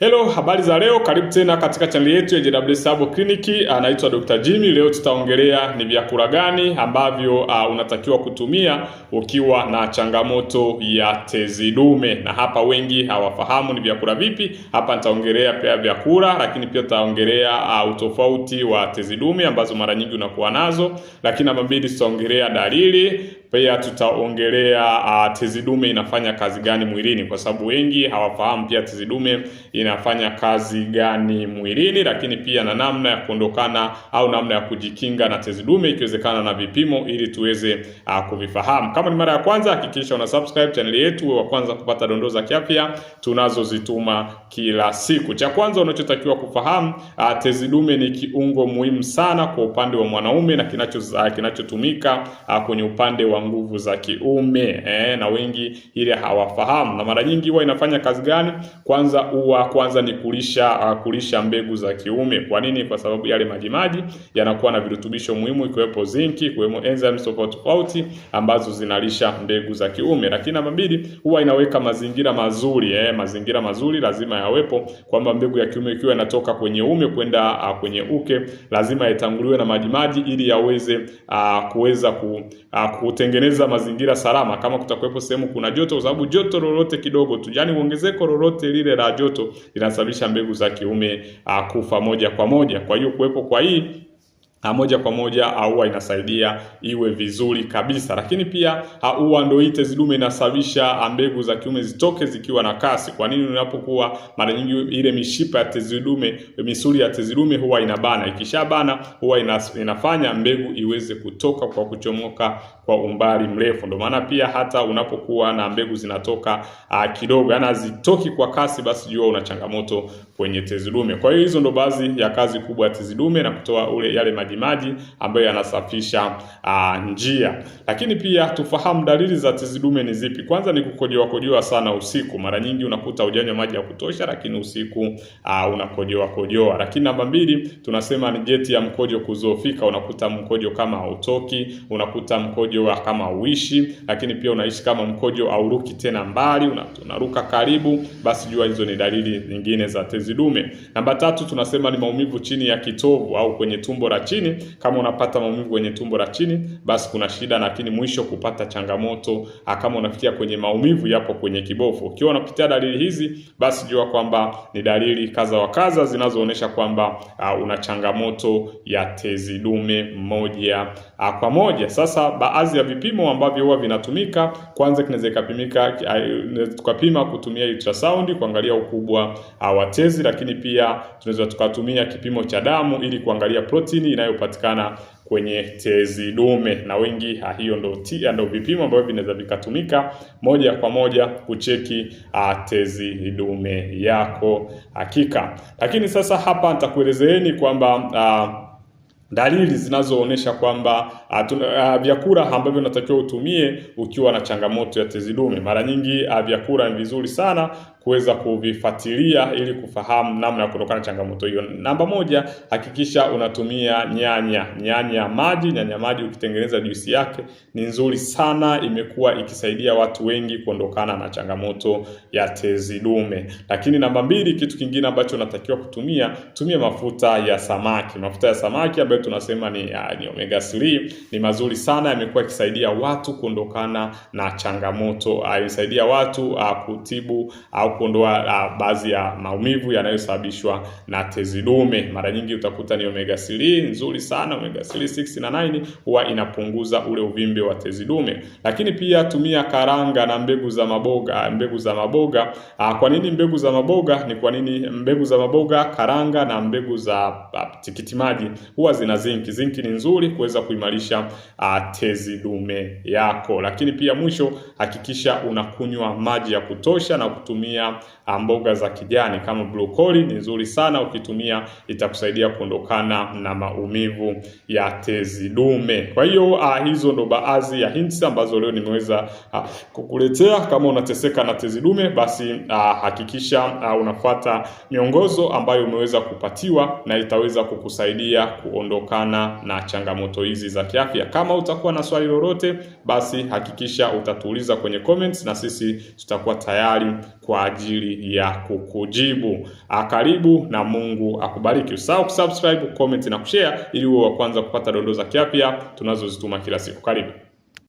Hello, habari za leo. Karibu tena katika chaneli yetu ya JW Sabo Clinic. Anaitwa ah, Dr. Jimmy. Leo tutaongelea ni vyakula gani ambavyo uh, unatakiwa kutumia ukiwa na changamoto ya tezi dume, na hapa wengi hawafahamu ni vyakula vipi. Hapa nitaongelea pia vyakula, lakini pia tutaongelea uh, utofauti wa tezi dume ambazo mara nyingi unakuwa nazo, lakini namba mbili tutaongelea dalili pia tutaongelea uh, tezi dume inafanya kazi gani mwilini, kwa sababu wengi hawafahamu pia tezi dume ina inafanya kazi gani mwilini, lakini pia na namna ya kuondokana au namna ya kujikinga na tezi dume ikiwezekana na vipimo, ili tuweze uh, kuvifahamu. Kama ni mara ya kwanza, hakikisha una subscribe channel yetu wa kwanza kupata dondoo za kiafya tunazozituma kila siku. Cha kwanza unachotakiwa kufahamu, uh, tezi dume ni kiungo muhimu sana kwa upande wa mwanaume na kinacho uh, kinachotumika uh, kwenye upande wa nguvu za kiume eh, na wengi ile hawafahamu, na mara nyingi huwa inafanya kazi gani? Kwanza huwa kwanza ni kulisha uh, kulisha mbegu za kiume. Kwa nini? Kwa sababu yale majimaji yanakuwa na virutubisho muhimu ikiwepo zinki, ikiwemo enzymes tofauti tofauti ambazo zinalisha mbegu za kiume. Lakini namba mbili huwa inaweka mazingira mazuri eh, mazingira mazuri lazima yawepo, kwamba mbegu ya kiume ikiwa inatoka kwenye ume kwenda uh, kwenye uke lazima yatanguliwe na majimaji ili yaweze uh, kuweza ku, uh, kutengeneza mazingira salama. Kama kutakuwepo sehemu kuna joto, kwa sababu joto lolote kidogo tu, yani ongezeko lolote lile la joto inasababisha mbegu za kiume uh, kufa moja kwa moja. Kwa hiyo kuwepo kwa hii ah, moja kwa moja aua ah, inasaidia iwe vizuri kabisa, lakini pia aua ite zidume inasababisha mbegu za kiume zitoke zikiwa na kasi. Kwa nini? Unapokuwa mara nyingi ile mishipa ya tezidume, misuli ya tezidume huwa inabana, ikishabana huwa inafanya mbegu iweze kutoka kwa kuchomoka kwa umbali mrefu. Ndio maana pia hata unapokuwa na mbegu zinatoka uh, kidogo, yani hazitoki kwa kasi, basi jua una changamoto kwenye tezi dume. Kwa hiyo hizo ndo baadhi ya kazi kubwa ya tezi dume na kutoa ule yale maji maji ambayo yanasafisha uh, njia. Lakini pia tufahamu dalili za tezi dume ni zipi. Kwanza ni kukojoa kojoa sana usiku. Mara nyingi unakuta hujanywa maji ya kutosha, lakini usiku uh, unakojoa kojoa. Lakini namba mbili tunasema ni jeti ya mkojo kuzofika, unakuta mkojo kama hautoki, unakuta mkojo unajua kama uishi, lakini pia unaishi kama mkojo auruki tena mbali, unaruka karibu, basi jua hizo ni dalili nyingine za tezi dume. Namba tatu tunasema ni maumivu chini ya kitovu au kwenye tumbo la chini. Kama unapata maumivu kwenye tumbo la chini, basi kuna shida, lakini mwisho kupata changamoto ah, kama unafikia kwenye maumivu yapo kwenye kibofu. Ukiwa unapitia dalili hizi, basi jua kwamba ni dalili kadha wa kadha zinazoonyesha kwamba uh, una changamoto ya tezi dume moja uh, kwa moja. Sasa baadhi baadhi ya vipimo ambavyo huwa vinatumika. Kwanza kinaweza ikapimika, eh, tukapima kutumia ultrasound kuangalia ukubwa ah, wa tezi, lakini pia tunaweza tukatumia kipimo cha damu ili kuangalia protini inayopatikana kwenye tezi dume, na wengi ah, hiyo ndo, ah, ndo vipimo ambavyo vinaweza vikatumika moja kwa moja kucheki tezi dume yako hakika. Lakini sasa hapa nitakuelezeeni kwamba dalili zinazoonyesha kwamba ah, ah, vyakula ambavyo unatakiwa utumie ukiwa na changamoto ya tezi dume. Mara nyingi ah, vyakula ni vizuri sana kuweza kuvifuatilia ili kufahamu namna ya kuondokana changamoto hiyo. Namba moja, hakikisha unatumia nyanya nyanya maji. Nyanya maji ukitengeneza juisi yake ni nzuri sana, imekuwa ikisaidia watu wengi kuondokana na changamoto ya tezi dume. Lakini namba mbili, kitu kingine ambacho unatakiwa kutumia, tumia mafuta ya samaki. Mafuta ya samaki ambayo tunasema ni, ya, ah, ni omega 3 ni mazuri sana, yamekuwa ikisaidia watu kuondokana na changamoto, alisaidia ah, watu ah, kutibu au kuondoa uh, baadhi ya maumivu yanayosababishwa na tezi dume. Mara nyingi utakuta ni omega 3 nzuri sana, omega 3 6 na 9 huwa inapunguza ule uvimbe wa tezi dume. Lakini pia tumia karanga na mbegu za maboga, ah, mbegu za maboga. Uh, kwa nini mbegu za maboga? Ni kwa nini mbegu za maboga, karanga na mbegu za uh, maji huwa zina zinki. Zinki ni nzuri kuweza kuimarisha uh, tezi dume yako. Lakini pia mwisho, hakikisha unakunywa maji ya kutosha na kutumia kutumia ah, mboga za kijani kama brokoli ni nzuri sana, ukitumia itakusaidia kuondokana na maumivu ya tezi dume. Kwa hiyo uh, hizo ndo baadhi ya hints ambazo leo nimeweza uh, kukuletea. Kama unateseka na tezi dume, basi uh, hakikisha uh, unafuata miongozo ambayo umeweza kupatiwa na itaweza kukusaidia kuondokana na changamoto hizi za kiafya. Kama utakuwa na swali lolote, basi hakikisha utatuuliza kwenye comments na sisi tutakuwa tayari kwa ajili ya kukujibu. Ah, karibu na Mungu akubariki. Usahau kusubscribe, comment na kushare ili uwe wa kwanza kupata dondoo za kiafya tunazozituma kila siku. Karibu.